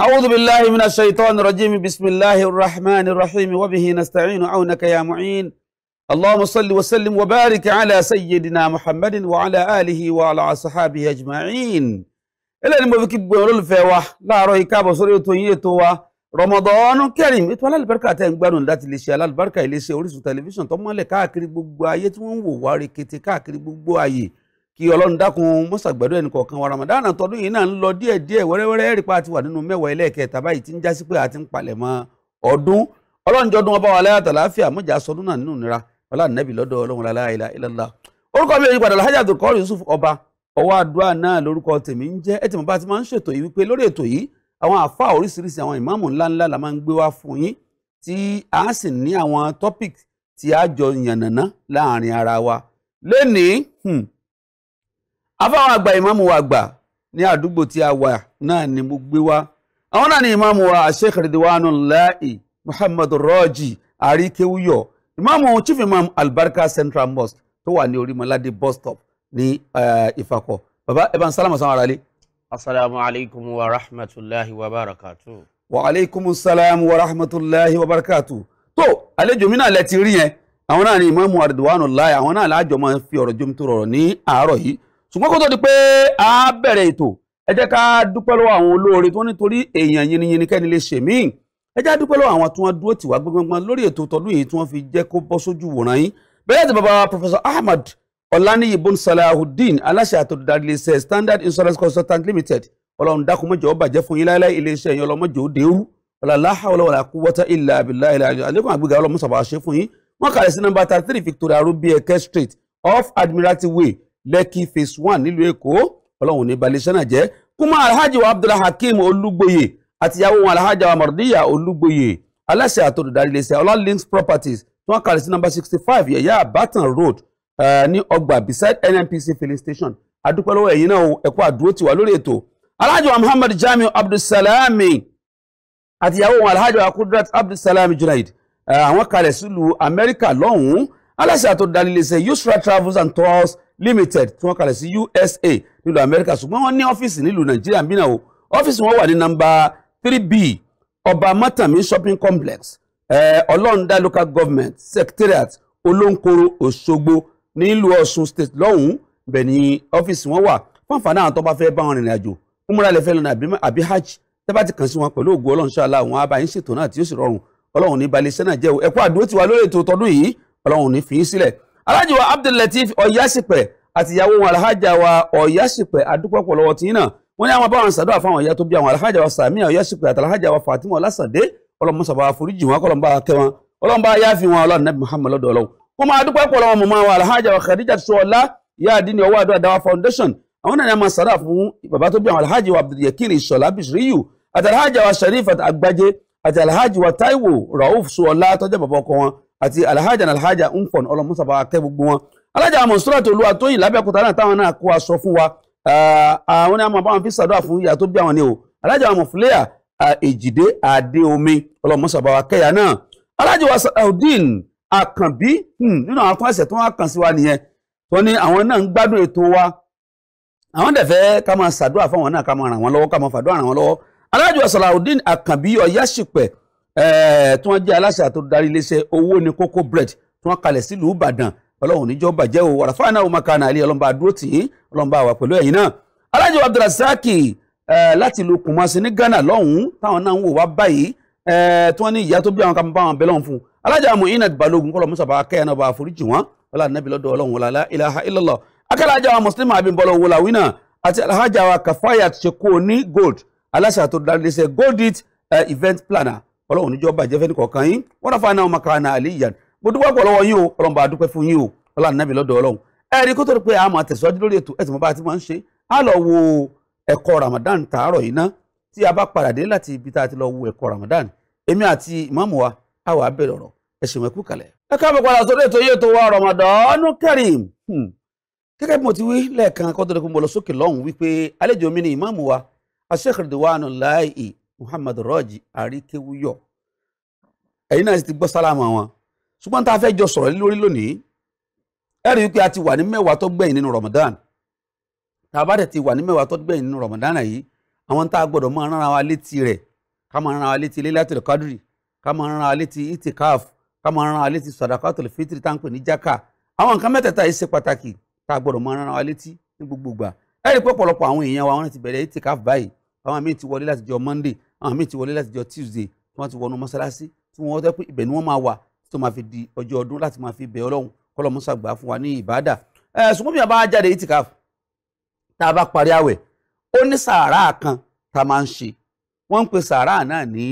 أعوذ بالله من الشيطان الرجيم بسم الله الرحمن الرحيم وبه نستعين عونك يا معين اللهم صل وسلم وبارك على سيدنا محمد وعلى آله وعلى أصحابه أجمعين eléyìí ni mo fi kí gbogbo olólùfẹ́ wa láàárọ̀ yìí káàbọ̀ sórí ètò yín ètò wa Ramadan Kareem ètò alálùbáríkà tẹ́ ń gbádùn láti lè ṣe alálùbáríkà iléeṣẹ́ Orísun tẹlifíṣàn tó mọ́lẹ̀ káàkiri gbogbo ayé tí wọ́n ń wò wá rekete káàkiri gbogbo ayé kí ọlọ́run dákun mọ́sàgbẹ́dọ́ ẹnìkọ̀ọ̀kan wa Ramadan tọdún yìí náà ń lọ díẹ̀ díẹ̀ wẹ́rẹ́wẹ́rẹ́ rí pa ti wà nínú mẹ́wàá ẹlẹ́ẹ̀kẹta báyìí tí ń jásí pé a ti ń palẹ̀mọ́ ọdún ọlọ́run jọdún ọba wa láyàtọ̀ láàfíà mọ́jà sọdún náà nínú nira ọlá nẹ́bì lọ́dọ̀ ọlọ́run lálá ilá ilá orúkọ mi èyí padà láhájà tó kọ́ Yusuf ọba ọwọ́ àdúrà náà lórúkọ tèmi ń jẹ́ ẹ ti mọ̀ bá la máa ń gbé wá fún yín tí a topic tí a jọ yànnàná láàrin ara wa lénìí hmm, afáwọn àgbà ìmáàmù wa àgbà ní àdúgbò tí a wà náà ni mo gbé wá àwọn náà ni ìmáàmù wa Sheikh Ridwanullahi Muhammad Raji àríkéwúyọ̀ ìmáàmù chief imam Albarka Central Mosque tó wà ní orímọládé bus stop ní Ìfakọ̀ baba ẹ bá ń sálàmù sáwọn aráalé. asalaamu alaykum wa rahmatulahi wa barakatu. wa aleykum salaam wa rahmatulahi wa barakatu. tó àlejò mi náà lẹ ti rí yẹn àwọn náà ni ìmáàmù Ridwanullahi àwọn náà láàjọ máa fi ọ̀rọ̀ jomitoro ṣùgbọ́n kó tó di pé a bẹ̀rẹ̀ ètò ẹ jẹ́ ká dúpẹ́ lọ́wọ́ àwọn olóore tó nítorí èèyàn yìnyín kẹ́ni lè ṣe míì ẹ jẹ́ dúpẹ́ lọ́wọ́ àwọn tí wọ́n dúró tìwá gbọ́ngbọ́n lórí ètò tọdún yìí tí wọ́n fi jẹ́ kó bọ́ sójú wòran yín bẹ́ẹ̀ ti bàbá Professor Ahmad Ọláníyì Bon Salahuddin aláṣẹ àtòdàdì Standard Insurance Consultant Limited ọlọ́run dákúmọ́jọ́ bàjẹ́ fún yín láéláé iléeṣẹ́ yẹn ọlọ́mọ́jọ́ òdèrú ọ̀làláhà ọlọ́wọ̀lá kúwọ́tà ilà abilà ilà àlékún àgbéga ọlọ́mọ́sàbà ṣe fún yín wọ́n kàlẹ̀ sí nọ́mbà thirty three Victoria Rubi Eke Street off Admiralty Way lẹ́kì phase one nílùú èkó ọlọ́run ní balẹ̀ṣẹ́ náà jẹ́ kúmọ alhaji wa Hakim olúgbòye àtìyàwó wọn alhaji wa mardiya olúgbòye aláṣẹ àtòdòdarí iléeṣẹ́ ọlá links properties tí wọ́n kàrí sí number sixty five yẹ̀yẹ́ àbátan road ní ọgbà beside nnpc filling station adúpẹ́ lọ́wọ́ ẹ̀yin náà ẹ̀kọ́ àdúró tiwa lórí ètò alhaji wa muhammad jamiu abdulsalami àtìyàwó wọn alhaji wa kudrat abdulsalami junaid àwọn kalẹ̀ sílùú amẹ́ríkà lọ́hùn-ún aláṣẹ àtòdòdarí iléeṣẹ́ yusra travels and tours limited tí wọ́n kalẹ̀ sí usa nílùú amẹ́ríkà ṣùgbọ́n wọ́n ní ọ́fíìsì nílùú nàìjíríà bí náà o ọ́fíìsì wọn wà ní nọ́mbà three b ọba mọ́tàmí shopping complex ọlọ́ọ̀ndá eh, local government secretariat olóńkoro òṣogbo nílùú ọ̀ṣun state lọ́hùn-ún bẹ̀ ní ọ́fíìsì wọn wà fún àǹfààní àwọn tó bá fẹ́ bá wọn rìnrìn àjò múra lẹ́fẹ́ lọ́nà àbí hajj tẹ́bá ti kàn sí wọn pẹ̀lú ògo ọlọ́run ṣáàlà àwọn abá yín ṣètò náà tí ó sì alájì wa Abdul-Lateef Ọ̀yásìpẹ̀ àti ìyàwó wọn alhaja wa Ọ̀yásìpẹ̀ adúpọ̀pọ̀ lọ́wọ́ tí náà wọ́n ní àwọn báwọn sàdúrà fáwọn ìyá tó bí àwọn alhaja wa Sàmíà Ọ̀yásìpẹ̀ àti alhaja wa Fatima Ọlásàndé ọlọmọsàbà àforíjì wọn kọlọmọba kẹ wọn ọlọmọba yáàfi wọn ọlọ́run nàbì Muhammad lọ́dọ̀ Ọlọ́run wọ́n máa adúpọ̀pọ̀ lọ́wọ́ mọ̀mọ́ àwọn wa Khadija Ṣọlá ìyá àdínní ọwọ́ àdúrà foundation àwọn náà ni a máa sàdúrà fún wa Abdul-Yakir Ṣọlá Bishriyu àti wa Sharifat Agbaje àti wa Taiwo Rauf Ṣọlá tó jẹ́ bàbá ọkọ àti alhaja na alhaja ń pọ̀ ní ọlọ́mọ sábà kẹ́ gbogbo wọn alájà Monsurat Olúwatóyìn lábẹ́òkúta náà táwọn náà kó aṣọ fún wa ah, àwọn ni a máa bá wọn fi ṣàdúrà fún ìyá tó bí àwọn ni o alájà Mufliya èjìdé ah, adé omi ọlọ́mọ sábà kẹ́yà náà alájà wa Salaudeen Àkànbí hmm, nínú àwọn akọ́ṣẹ́ tó wọ́n kàn sí wa nìyẹn tó ní àwọn náà ń gbádùn ètò wa àwọn dẹ̀ fẹ́ ká máa ṣàdúrà fáwọn náà ká máa ràn wọ́n lọ́wọ́ ká máa fàdúrà ràn wọ́n lọ́wọ́ alájà wa Salaudeen Àkànbí ọ̀yáṣìpẹ̀ Eh, tí wọ́n jẹ́ aláṣà tó darí iléeṣẹ́ owó ní kókó bread tí wọ́n kalẹ̀ sílùú ìbàdàn ọlọ́run níjọ́ bàjẹ́ o wàràfáà náà ọmọ kan àlẹ́ ọlọ́mọba àdúró tì í ọlọ́mọba wà pẹ̀lú ẹ̀yin náà alájọ abdulrasaki eh, láti ìlú kùmọ̀sí ní ghana lọ́hùn-ún táwọn náà ń wò wá báyìí eh, tí wọ́n ní ìyá tó bí àwọn kan bá wọn bẹ́lọ̀ fún alájà muinat balogun kọlọ musa bàá kẹyàn náà bàá foríjì wọn wọlé anabi lọ́dọ̀ ọlọ́run wọlé alá ilaha illallah akẹlẹjà wa muslim abimbọlọ wọlàwínà àti alhaja wa kafayat shekoni gold aláṣà tó darí iléeṣẹ́ goldit event planner ọlọ́run níjọ́ bàjẹ́ fẹ́ nìkọ̀ọ̀kan yín wọ́n náà fàánà ọmọ kan àlìyàn mo dúpẹ́ pọ̀ lọ́wọ́ yín o ọlọ́run bá dúpẹ́ fún yín o ọlọ́run nàbì lọ́dọ̀ ọlọ́run ẹ̀rí kó tó di pé a máa tẹ̀síwájú lórí ètò ẹ̀sìn bá a ti ń ṣe á lọ wo ẹ̀kọ́ Ramadan tààrọ̀ yìí ná tí a bá padà dé láti ibi tá a ti lọ wo ẹ̀kọ́ Ramadan èmi àti ìmáàmù wa á wà á bẹ̀rẹ̀ ọ̀rọ̀ ẹ ṣeun ẹ kú wa Ramadan Kareem hmm. gẹ́gẹ́ bí mo ti wí lẹ́ẹ̀kan kó tó di pé mo lọ sókè lọ́hùn wípé àlejò Muhammadu Rọ́ọ̀jì Àríkéwúyọ̀ ẹ̀yin náà sì ti gbọ́ sálámù wọn ṣùgbọ́n tá a fẹ́ jọ sọ̀rọ̀ lórí lónìí ẹ rí i pé a ti wà ní mẹ́wàá tó gbẹ̀yìn nínú Ramadan tá a bá dẹ̀ ti wà ní mẹ́wàá tó gbẹ̀yìn nínú Ramadan yìí àwọn tá a gbọ́dọ̀ máa rán wa létí rẹ̀ ká máa rán wa létí Lailatul Qadri ká máa rán wa létí itikaf ká máa rán wa létí sadakatul fitri tá à ń pè ní jaka àwọn nǹkan mẹ́tẹ̀ẹ̀ta yìí ṣe pàtàkì tá a gbọ́dọ̀ máa rán wa létí ní gbogbo ìgbà ẹ rí àwọn míì ti wọlé láti jọ Tuesday tí wọ́n ti wọnú mọ́sálásí tí wọ́n tẹ́ pé ibẹ̀ ni wọ́n máa wà tó máa fi di ọjọ́ ọdún láti máa fi bẹ̀ ọlọ́run kọ́lọ́ mọ́sá gbà fún wa ní ìbádà ẹ̀ ṣùgbọ́n bí a bá jáde itikaf tá a bá parí àwẹ̀ ó ní sàárà kan tá a máa ń ṣe wọ́n ń pe sàárà náà ní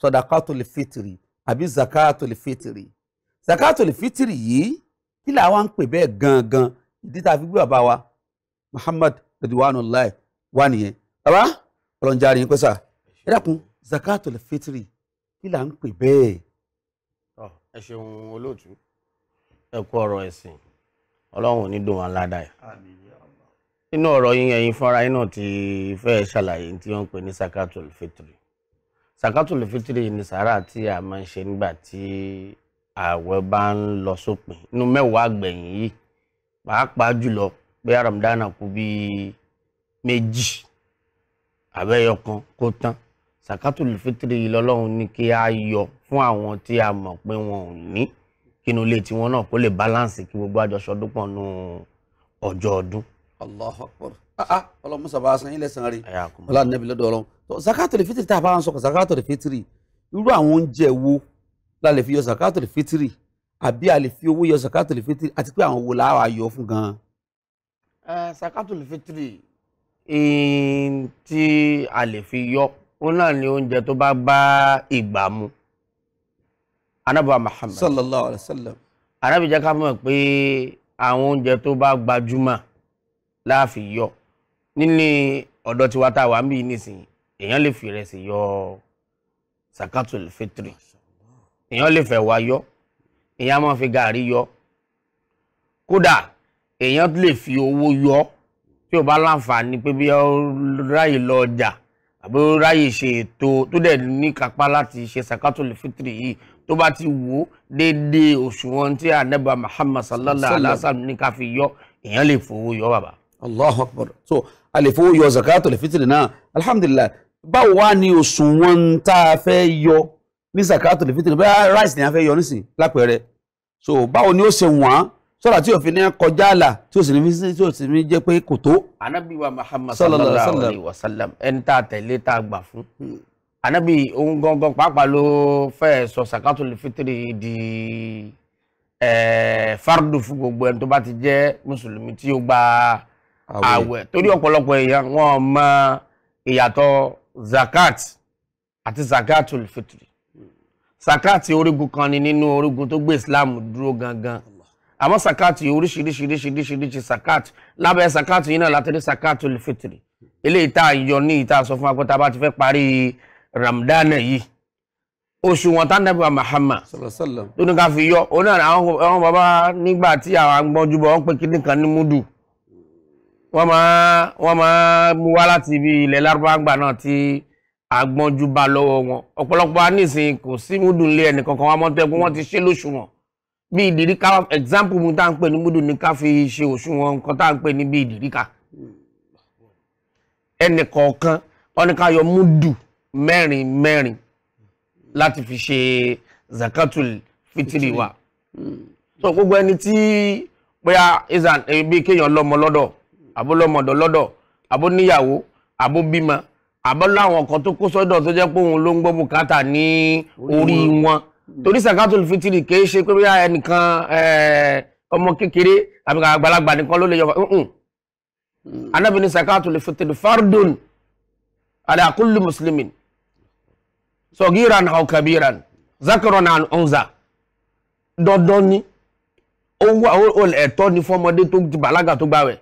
sadaqatul fitri àbí zakatul fitri zakatul fitri yìí kí là wá ń pè bẹ́ẹ̀ gangan ìdí tá a fi gbé bàbá wa Muhammad rediwanullahi wà nìyẹn bàbá ọlọ́njà rìn pẹ́sà ẹ dákun zakatul fitri kí là ń pè bẹ́ẹ̀. ẹ ṣeun olóòtú ẹ kú ọ̀rọ̀ ẹ̀sìn Ọlọ́run ní dùn wọn ládàá nínú ọ̀rọ̀ yín ẹ̀yin fúnra yín náà ti fẹ́ ṣàlàyé tí wọ́n ń pè ní zakatul fitri zakatul fitri ni sàárà tí a máa ń ṣe nígbà tí ààwẹ̀ bá ń lọ sópin inú mẹ́wàá àgbẹ̀yìn yìí pàápàá jùlọ pé Ramadan kù bíi méjì abẹ́yọkan kó tán sàkátùl fitri lọ́lọ́run ní kí a yọ fún àwọn tí a mọ̀ pé wọn ò ní kínú ilé tiwọn náà kó lè balance kí gbogbo àjọṣọ dúpọ̀ nù ọjọ́ ọdún. ah, ah ọlọmọ sábà asan ilẹ̀ san rí ọlọ́run nẹ́bí lọ́dọ̀ ọlọ́run tó sàkátùl fitri tá a bá ń sọkọ̀ sàkátùl fitri irú àwọn oúnjẹ wo la lè fi yọ sàkátùl fitri àbí a lè fi owó yọ sàkátùl fitri àti pé àwọn wo la wà yọ fún gan-an. Eh, sàkátùl fitri tí a lè fi yọ òun náà ni oúnjẹ tó bá bá ìgbà mu anábọ̀ Muhammad sallallahu alayhi wa sallam anábì jẹ́ ká mọ̀ pé àwọn oúnjẹ tó bá gbajúmọ̀ láàfi yọ nílé ọ̀dọ̀ tiwa tá a wà ń bí nísìnyí èèyàn lè fi ìrẹsì yọ sakatul fitri èèyàn lè fẹ́ wa yọ èèyàn máa fi gàrí yọ kódà èèyàn lè fi owó yọ tí o bá láǹfààní pé bí ó ráyè lọ ọjà. Ja àbí ó ráyè ṣe ètò tó dẹ̀ ní kápá láti ṣe sakatul fitri yìí tó bá ti wò ó déédéé òṣùwọ̀n tí ànábà Muhammad sallallahu alaihi wa sallam ní ká fi yọ èèyàn lè fowó yọ bàbá. Allahu Akbar so a lè fowó yọ sakatul fitri náà alhamdulilayi báwo wá ni òṣùwọ̀n tá a fẹ́ yọ ní sakatul fitri bẹ́ẹ̀ rice ni a fẹ́ yọ nísìnyí lápẹẹrẹ so báwo ni ó ṣe wọ́n á sọ́ra tí òfin ní kọjá àlà tí ó sì ní fi sí tí ó sì ní jẹ́ pé kò tó. anabi wa muhammad sallallahu alayhi wa sallam ẹni tá a tẹ̀lé tá a gbà fún. anabi ohun gangan pàápàá ló fẹ́ sọ sakatul fitiri di fardu fún gbogbo ẹni tó bá ti jẹ́ mùsùlùmí tí ó gba àwẹ̀ torí ọ̀pọ̀lọpọ̀ èèyàn wọn mọ ìyàtọ̀ zakat àti zakatul fitiri zakat orígun kan ni nínú orígun tó gbé islam dúró gangan àmọ́ sakati oríṣiríṣiríṣiríṣiríṣi sàkáàtì lábẹ́ sàkáàtì yìí náà látẹ̀lé sakati olùfitìrì eléyìí tá a yọ ní ìta sọ fún akọ́ta bá ti fẹ́ parí Ramadan yìí oṣù wọn tá nàbà Muhammad tó ní ká fi yọ òun náà àwọn bàbá nígbà tí àwọn agbọ́njúbọ̀ wọn pé kíní kan ní múdù wọ́n máa wọ́n máa mú wá láti ibi ilẹ̀ lárúbáńgbà náà tí agbọ́njúbà lọ́wọ́ wọn ọ̀pọ̀lọpọ̀ á kò sí múdù ńlẹ̀ ẹnì kankan wọn mọ́tò ẹ̀kọ́ wọn ti ṣe lóṣù wọn bí ìdìríkà example mu tá à ń pè ní múdù ní ká fi ṣe òṣùwọ̀n nǹkan tá à ń pè ní bí ìdìríkà ẹnì kọ̀ọ̀kan wọ́n ní múdù mẹ́rin mẹ́rin láti fi ṣe zakatul fitiri wa so gbogbo ẹni tí bóyá isan ebi eh, kéèyàn lọ́mọ lọ́dọ̀ àbó lọ́mọdọ lọ́dọ̀ àbó níyàwó àbó bímọ àbó láwọn kan tó kó sọ́dọ̀ tó jẹ́ pé òun ló ń gbọ́ bùkátà ní orí wọn torí sàkátù fitiri kìí ṣe pé bí ẹnìkan eh, ọmọ kékeré àbí àgbàlagbà nìkan ló lè yọ Ànábì ní sàkátù fitiri fardun ala kulli muslimin sogiran aw kabiran zakaron an unza dandan ni owó ẹ̀tọ́ ni fọ́mọdé tó ti bàlágà tó gbàwẹ̀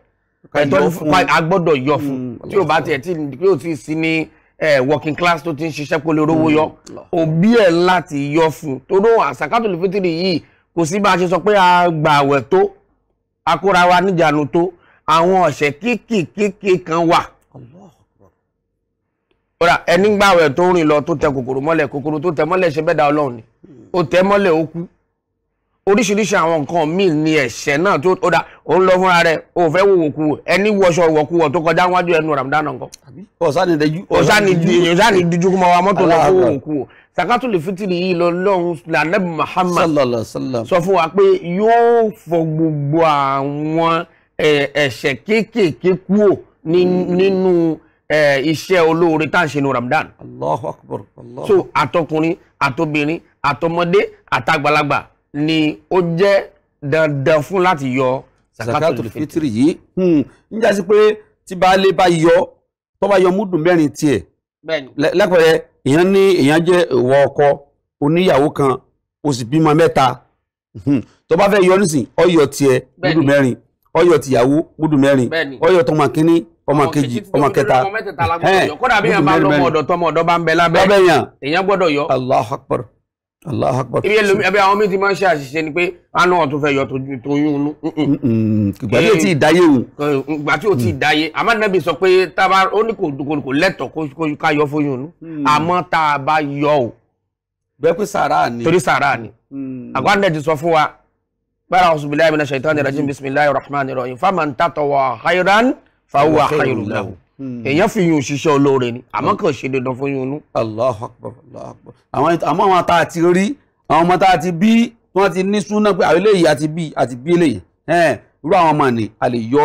ẹ̀tọ́ ni a gbọ́dọ̀ yọ fún mm, tí o bá tiẹ̀ tí o ti sí ní ẹ working class tó ti ń ṣiṣẹ́ kó lè rówó yọ mm, òbí ẹ̀ láti yọ fún torí àṣàkátòlù fitiri yìí kò sí bá a ṣe sọ pé a gbà àwẹ̀ tó a kóra wa níjànú tó àwọn ọ̀sẹ̀ kéékèèké kan wà. ọ̀rà ẹni gbàwẹ̀ tó rìn lọ tó tẹ kòkòrò mọ́lẹ̀ kòkòrò tó tẹ mọ́lẹ̀ ṣe bẹ́ẹ̀ dá ọlọ́run ni mm. ó tẹ mọ́lẹ̀ ó kú oríṣiríṣi àwọn nǹkan míì ni ẹ̀ṣẹ̀ náà tó ó da ó ń lọ fúnra rẹ̀ ó fẹ́ wò wòkú ẹni wọṣọ wọ̀kúwọ̀ tó kọjá wájú ẹnu Ramadan nǹkan. ọ̀sánì díjú kúmọ̀ wa mọ́tò lọ fún wòkúwọ̀ sakatul fitiri yìí lọ lọ́hún lànàbì Muhammad sọ fún wa pé yóò fọ gbogbo àwọn ẹ̀ṣẹ̀ kéékèèké kúò hmm. nínú iṣẹ́ olóore tá à ń ṣe ní Ramadan. Allahu Akbar. so àtọkùnrin àtobìnrin àtọmọdé àtàgbàlagbà ni ó jẹ́ dandan fún láti yọ zakatul fitiri yìí hmm. ń jásí pé tí baálé bá yọ tó bá yọ múdù mẹ́rin tiẹ̀ lẹ́pẹ̀rẹ́ èèyàn ní èèyàn jẹ́ ìwọ ọkọ oníyàwó kan ó sì bímọ mẹ́ta hmm. tó bá fẹ́ yọ nísìn ọyọ tiẹ̀ múdù mẹ́rin ọyọ tìyàwó múdù mẹ́rin ọyọ tọmọ kínní ọmọ kejì ọmọ kẹta múdù mẹ́rin mẹ́rin kódà bí èèyàn bá lọ́mọ ọ̀dọ̀ tọmọ ọ̀dọ̀ bá ń bẹ lábẹ́ èèyàn gbọ́dọ̀ yọ. Allahu Akbar. Allah akbar. ibi ẹlòmí ẹbí àwọn míì ti máa ń ṣe àṣìṣe ni pé àánú ọ̀tún fẹ́ yọ toyún inú. ìgbà tí o ti dáyé o. Eh, ìgbà tí o ti mm. dáyé àmọ́ nẹ́bí sọ pé tábà ó ní kò kò kó ká yọ fóyún inú mm. àmọ́ tá a bá yọ o. bẹ́ẹ̀ sàrà ni. torí sàrà ni. Mm. àgbà nẹ́ẹ̀dì sọ fún wa bára ọ̀sùn bíláyà mi náà ṣètò àníràjì bismillahir rahmanir rahim faman tatawwa khairan fahuwa khairun lahu. Hmm. èèyàn fi yun òṣìṣẹ́ olóore ni àmọ́ kàn ṣe dandan fún yunú. Allahu Akbar Allahu Akbar àmọ́ àwọn tá a ti rí àwọn ọmọ tá a ti bí wọ́n ti ní súná pé àwọn eléyìí àti bí àti bí eléyìí irú àwọn ọmọ ni a lè yọ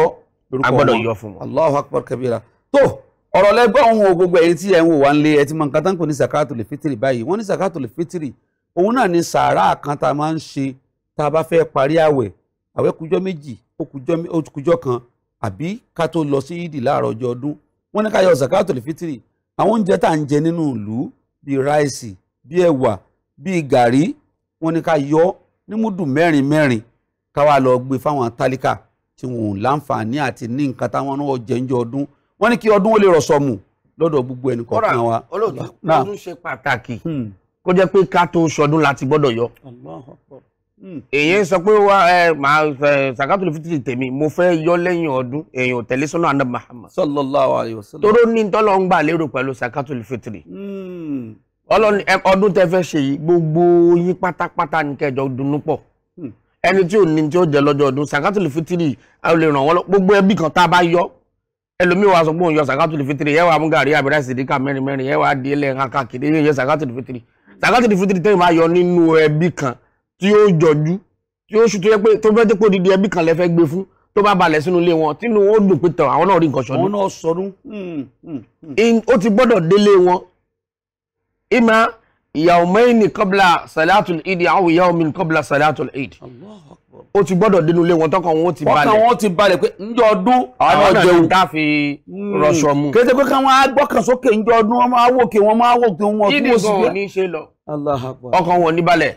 orúkọ wọn agbọ́dọ̀ yọ fún wọn. Allahu Akbar kabira tó ọ̀rọ̀ lẹ́gbẹ́ òun wo gbogbo ẹ̀yin tí ẹ̀ ń wò wá ń lé ẹ ti mọ nǹkan tán kò ní sàkáàtò lè fitiri báyìí wọ́n ní sàkáàtò lè fitiri òun náà ni sàárà kan tá a máa ń ṣe tá a bá fẹ́ parí àwẹ̀ àwẹ̀ kújọ́ méjì ó kújọ́ kan àbí ká tó lọ sí yídì láàárọ̀ ọjọ́ ọdún wọ́n ní ká yọ zakato lè fitiri àwọn oúnjẹ tá à ń jẹ nínú ìlú bíi ráìsì bíi ẹ̀wà bíi gàrí wọ́n ní ká yọ ní mẹ́rin mẹ́rin ká wá lọ gbé fáwọn tálíkà tí wọn ò láǹfààní àti ní nǹkan táwọn náà wọ́n ní kí ọdún ó lè rọ̀ sọmù lọ́dọ̀ gbogbo ẹnì kọ̀ọ̀kan wa. ṣe pàtàkì hmm. kó jẹ́ pé ká tó láti yọ. Hmm. èyàn sọ pé wá ẹ màá sàkátùlù fitiri tèmi mo fẹ́ yọ lẹ́yìn ọdún èyàn tẹ̀lé sọ́nà àná Muhammad. sallallahu alayhi wa sallam. toró ní tọ́lọ́ ń gbà lérò pẹ̀lú sàkátùlù fitiri. Hmm. ọlọ́ni ọdún tẹ fẹ́ ṣe yìí gbogbo yín pátápátá ní kẹjọ dunnú pọ̀ hmm. ẹni tí ò ní tí ó jẹ lọ́jọ́ ọdún sàkátùlù fitiri a lè ràn wọ́n lọ gbogbo ẹbí kan tá a bá yọ ẹlòmíì wa sọ pé òun yọ sàkátùlù fitiri yẹ wàá mú gàrí àbẹ̀rẹ̀ sìdíkà mẹ́rin mẹ́rin yẹ wàá di ẹlẹ́yìn káàkiri yẹ sàkátùlù fitiri sàkátùlù fitiri tẹ́yìn máa yọ nínú ẹbí kan tí ó jọjú tí ó ṣù tó yẹ pé tó fẹ́ dépò dídí ẹbí kan lẹ́fẹ́ gbé fún tó bá balẹ̀ sínú ilé wọn tínú ó dùn pé tán àwọn náà rí nǹkan sọdún. àwọn náà sọdún. Hmm, hmm, hmm. ó ti gbọ́dọ̀ délé wọn. ìmà ìyàwó mẹ́yìn ní kọ́bla salatul eid àwọn ìyàwó mi ní kọ́bla salatul eid. ó ti gbọ́dọ̀ dénú ilé wọn tọkàn wọn ti balẹ̀. ọkàn wọn ti balẹ̀ pé njọ ọdún. àwọn náà jẹun tá a fi rọṣọ mu. kété pé káwọn agbọ́kàn sókè njọ ọdún wọn máa wòkè wọn máa wòkè wọn. kí ni gan-an ní í ṣe lọ. ọkàn wọn ò ní balẹ̀.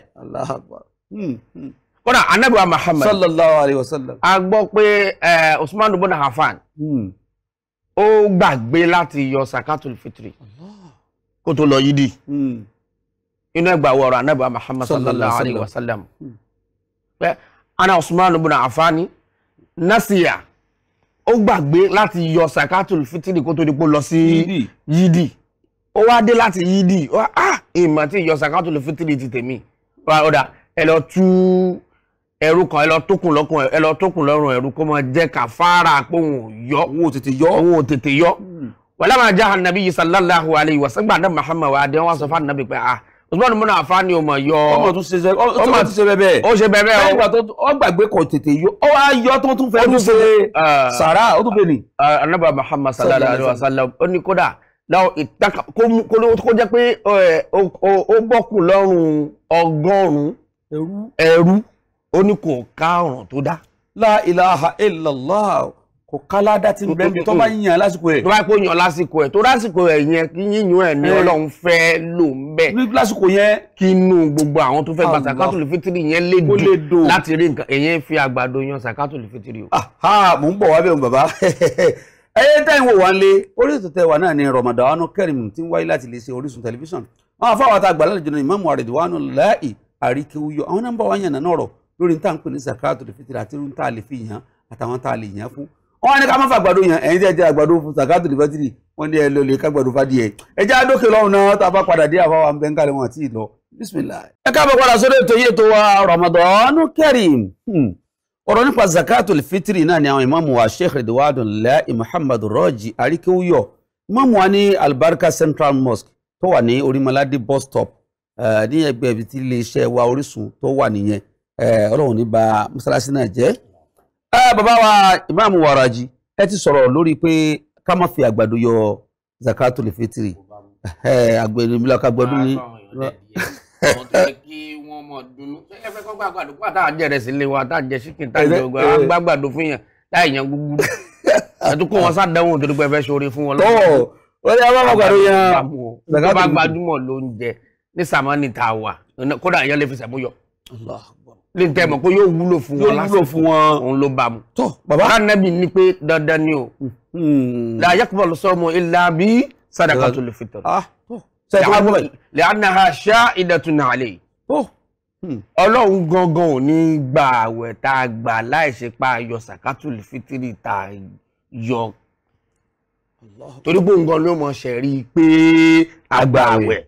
Hmm, hmm. kódà anabiwa muhammad sallallahu alayhi wa sallam a gbọ́ pé usman ibn hafan hmm. ó gbàgbé láti yọ sakatul fitri kó tó lọ yídì inú ẹgbà wọ̀rọ̀ anabiwa muhammad sallallahu alayhi wa sallam pé ana usman ibn hafan nasiya ó gbàgbé láti yọ sakatul fitri kó tó di pé lọ sí yídì ó wá dé láti yídì ó wá ah ìmọ̀ tí yọ sakatul fitri ti tèmi ó dà ẹ lọ tú ẹrú kan ẹ lọ tókùn lọ́kùn ẹ lọ tókùn lọ́rùn ẹrú kó máa jẹ́ kàfàrà pé òun ò yọ òun ò tètè yọ òun tètè yọ. wàlá máa já hàn nàbí yìí sallallahu alayhi wa sàgbà náà Muhammad wa adé wọn sọ fún ànàbí pé ah Usman múna àfa ni o ma yọ. ọmọ tún ṣe ọmọ tún ṣe bẹbẹ. ó ṣe bẹbẹ o. nígbà tó ọ gbàgbé kò tètè yọ ọ wá yọ tó tún fẹ́ tún ṣe ah, sàrà ó tún fẹ́ ni. anaba ah, Muhammad sallallahu alayhi wa sallam ó ní kódà láwọn ìtàkà kó jẹ́ pé eh, ó bọ́kù lọ́rùn ọgọ́rùn-ún ẹrú ó ní kò ká ọ̀ràn tó dá. la ilaha illallah kò ká ládá tí ń bẹ́ẹ̀ tó bá yíyan lásìkò ẹ̀. tó bá kó yan lásìkò ẹ̀ tó lásìkò ẹ̀ yẹn kí yíyan ẹ̀ ní ọlọ́run fẹ́ ló ń bẹ̀. lásìkò yẹn. kí inú gbogbo àwọn tó fẹ́ gba sàkátùlù fitiri yẹn lè dùn láti rí nǹkan ẹ̀yẹn fi àgbàdo yan sàkátùlù fitiri o. mò ń bọ̀ wá bẹ́ẹ̀ bàbá ẹyẹ tẹ́yìn wò wá ń lé Orísun tẹ́wà náà ni Ramadan Kareem ti ń wáyé láti lè ṣe Orísun tẹlifíṣàn wọn àfọwọ́ta àgbà lálejò náà Imam Ridwanullahi àríkéwú yọ àwọn nọ́mbà wa yànnà náà rọ̀ lórí níta ń pè ní zakato lè fitiri àti níta lè fi yàn àtàwọn tá a lè yàn fún. wọ́n ní ká má fa àgbàdo yàn ẹ̀yin tí ẹ jẹ àgbàdo fún zakato lè fitiri wọ́n ní ẹ lọ lè ká àgbàdo fadì ẹ. ẹ jẹ́ àdókè lọ́hùn náà tá a bá padà dé àfọwọ́ àwọn bẹ́ńkà lè wọ́n àti ìlọ bisimilayi. ẹ káàbọ̀ padà sórí ètò yìí ètò wa Ramadan Kareem hmm. ọ̀rọ̀ nípa zakato lè fitiri náà ni àwọn ìmáàmù wa Sheikh Ridwanul Lahi Muhammadu Raji àríkéwúyọ̀ ìmáàmù wa ní Albarka Central Mosque tó wà ní Orímọládé bus stop ní ẹgbẹ́ ibi tí iléeṣẹ́ wa Orísun tó wà nìyẹn ọlọ́run ní ba mọ́sálásí náà jẹ́. bàbá wa ìmáàmù Wàràjì ẹ ti sọ̀rọ̀ lórí pé ká má fi àgbàdo yọ zakatul fitiri àgbẹ̀rù mi lọ́ka gbọ́dún ni. àwọn tó yẹ kí wọ́n mọ̀ dunu ẹ fẹ́ kọ́ gbàgbàdo pátá àjẹrẹ sí ilé wa tá àjẹ síkì tá àjẹ ògbà gbàgbàdo fún yẹn láì yan gbogbo ẹ tún kó wọn sádẹ́wọ̀n torí pé ẹ fẹ́ ṣoore fún wọn. tọ́wọ̀ wọ́n ní abáwọ̀ gbàdúrà. bàbá gbajúmọ̀ ló ń jẹ ní sàmánì tá a wà kódà àyàn lè fi sẹ̀mú yọ. lè tẹ́ mọ̀ pé yóò wúlò fún wọn lásìkò fún wọn òun ló bá mu. tó bàbá anabi ní pé dandan ni o. Hmm. la yakbalu sawmu illa bi sadaqatul fitr. Ah, li'annaha shahidatun alayhi. Hmm. ọlọ́run gangan ò ní gba àwẹ̀ tá a gbà láìsí pa ayọ̀ sàkátùl fitiri tá a yọ. torí gbòǹgan ló mọ̀ ṣẹ̀rí pé àgbà àwẹ̀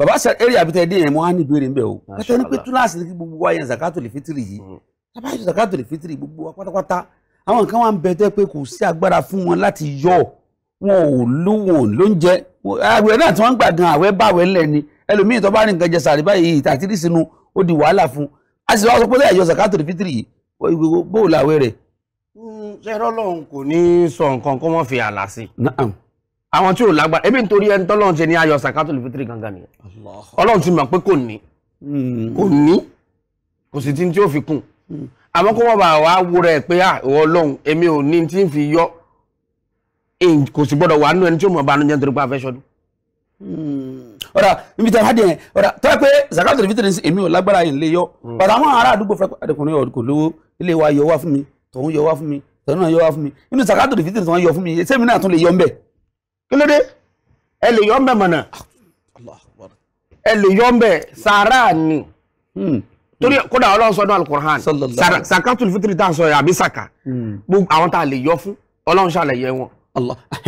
bàbá sẹ area àbítẹ dé yẹn mo á ní ìbéèrè ń bẹ o pẹtẹ ní pé túláàsì ní kí gbogbo wa yẹn zakato lè fitiri yìí mm. tábà yẹn zakato lè fitiri gbogbo wa pátápátá àwọn nǹkan wa ń bẹ tẹ pé kò sí agbára fún wọn láti yọ wọn ò lóhùn lóúnjẹ àwẹ̀ náà tí wọn ń gbà gan àwẹ̀ bá àwẹ̀ ńlẹ ni ẹlòmíì tó bá ní nǹkan jẹ sàrí báyìí àti rí sínú ó di wàhálà fún a sì wá sọ pé ó yọ zakato lè fitiri yìí bó làwẹ̀ rẹ. Mm, ṣé Ọlọ́run kò ní sọ nǹkan kó mọ̀ fi àlà sí àwọn tí ò lágbára ebi nítorí ẹni tọ́lọ́run ṣe ní ayọ̀ sàkátò lè fi tiri gangan nìyẹn ọlọ́run ti mọ̀ pé kò ní hmm. kò ní kò sì ti ní tí ó fi kún hmm. àmọ́ kó wọ́n bá wàá wo rẹ̀ pé ah, ìwọ ọlọ́run èmi ò ní tí ń fi yọ kò sì gbọ́dọ̀ wà nínú ẹni tí ó mọ̀ bá nújẹ́ nítorí pé a fẹ́ ṣọdún. Hmm. ọ̀rà níbi tí a hádìyẹn ọ̀rà tó yẹ pé sàkátò lè fi èmi ò lágbára yìí lè yọ bàtà àwọn ará kí ló dé ẹ lè yọ ọ́nbẹ̀ mọ̀nà ẹ lè yọ ọ́nbẹ̀ sàárà ni hmm. torí kódà ọlọ́run sọ ní alukur'an sàkátùlù fitiri tá a sọ yẹ àbí sàkà hmm. gbogbo àwọn tá a lè yọ fún ọlọ́run ṣàlàyé wọn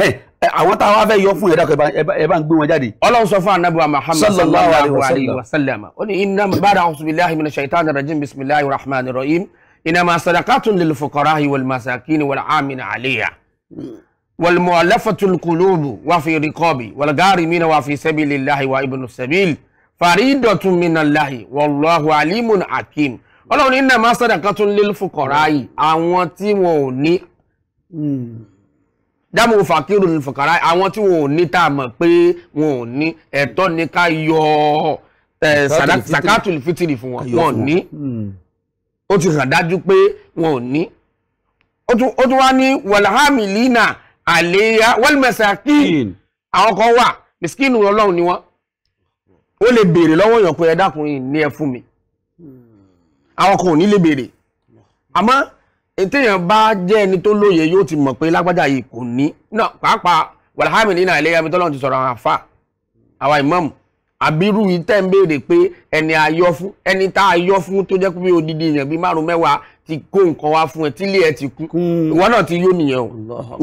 eh, àwọn táwọn afẹ́ yọ fún ẹ̀dá kan ẹ bá ń gbé wọn jáde. ọlọ́run sọ fún anabu muhammad sallallahu alayhi wa sallam ó ní iná bàdà ọ̀sùnbíláhi mina shaitan rajim bisimilahi rahman rahim iná ma sadakatun lil fukarahi wal masakin wal amina aliya. Hmm. والمؤلفة القلوب وفي رقابي والغارمين وفي سبيل الله وابن السبيل فريدة من الله والله عليم حكيم ọlọ́run iná máa sọ́dọ̀kan tún lé fòkànrá yìí àwọn tí wọn ò ní dáàmú fàkírù ní fòkànrá àwọn tí wọn ò ní tá a mọ̀ pé wọn ò ní ẹ̀tọ́ ní ká yọ sàkátùlì fìtìrì fún wọn wọn ò ní hmm. ó ti hàn dájú pé wọn ò ní ó tún wá ní wàláhàmì àléyá wọ́lmẹ̀sàkín àwọn kan wà mìskínù ọlọ́run ni wọ́n ó lè béèrè lọ́wọ́ èèyàn pé ẹ dákun yìí ní ẹ fún mi àwọn kan ò ní lè béèrè àmọ́ ètèèyàn bá jẹ́ ẹni tó lóye yóò ti mọ̀ pé lágbájá yìí kò ní náà pàápàá wàláhàmì nínú àìlera ibi tọ́lọ́run ti sọ̀rọ̀ àwọn àfà àwa ìmáàmù Abiru yìí tẹ́ ń béèrè pé ẹni ayọ́ fún ẹni tá a yọ́ fún tó jẹ́ pé odidi èèyàn bíi márùn mẹ́wàá ti kó nǹkan wá fún ẹ tílé ẹ ti kú ìwọ náà ti yó nìyẹn o